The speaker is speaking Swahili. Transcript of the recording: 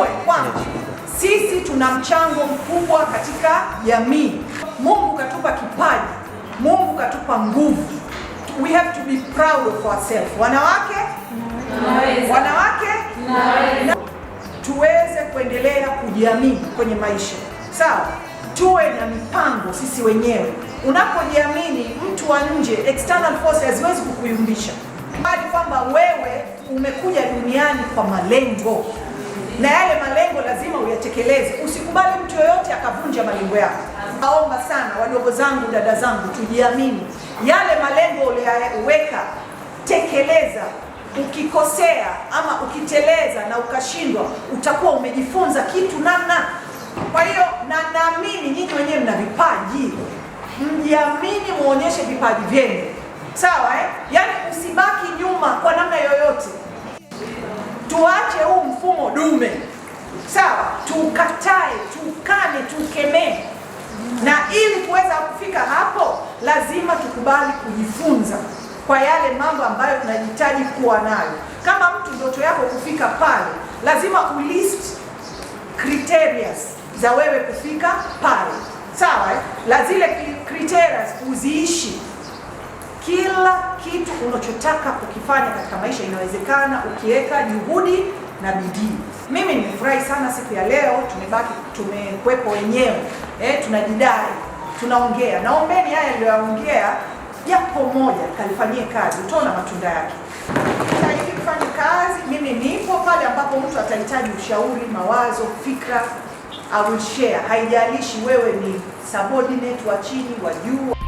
tutambue kwamba sisi tuna mchango mkubwa katika jamii. Mungu katupa kipaji, Mungu katupa nguvu. We have to be proud of ourselves. Wanawake naweza, wanawake naweza, tuweze kuendelea kujiamini kwenye maisha, sawa? Tuwe na mipango sisi wenyewe. Unapojiamini, mtu wa nje, external forces haziwezi kukuyumbisha, bali kwamba wewe umekuja duniani kwa malengo na yale malengo lazima uyatekeleze. Usikubali mtu yoyote akavunja malengo yako. Naomba sana wadogo zangu, dada zangu, tujiamini. Yale malengo uliyoweka tekeleza. Ukikosea ama ukiteleza na ukashindwa, utakuwa umejifunza kitu namna. Kwa hiyo na naamini nyinyi wenyewe mna vipaji, mjiamini, muonyeshe vipaji vyenu, sawa eh? Yani usibaki nyuma kwa namna yoyote, tuache huu dume, sawa, tukatae, tukane, tukemee. Na ili kuweza kufika hapo, lazima tukubali kujifunza kwa yale mambo ambayo tunahitaji kuwa nayo. Kama mtu ndoto yako kufika pale, lazima ulist criterias za wewe kufika pale, sawa eh? La zile criterias uziishi. Kila kitu unachotaka kukifanya katika maisha inawezekana ukiweka juhudi na bidii. Mimi nimefurahi sana siku ya leo, tumebaki tumekwepo wenyewe eh, tunajidai, tunaongea. Naombeni haya aliyoyaongea japo moja kalifanyie kazi, utaona matunda yake. Tahidi kufanya kazi, mimi nipo pale ambapo mtu atahitaji ushauri, mawazo, fikra, I will share. Haijalishi wewe ni subordinate wa chini, wa juu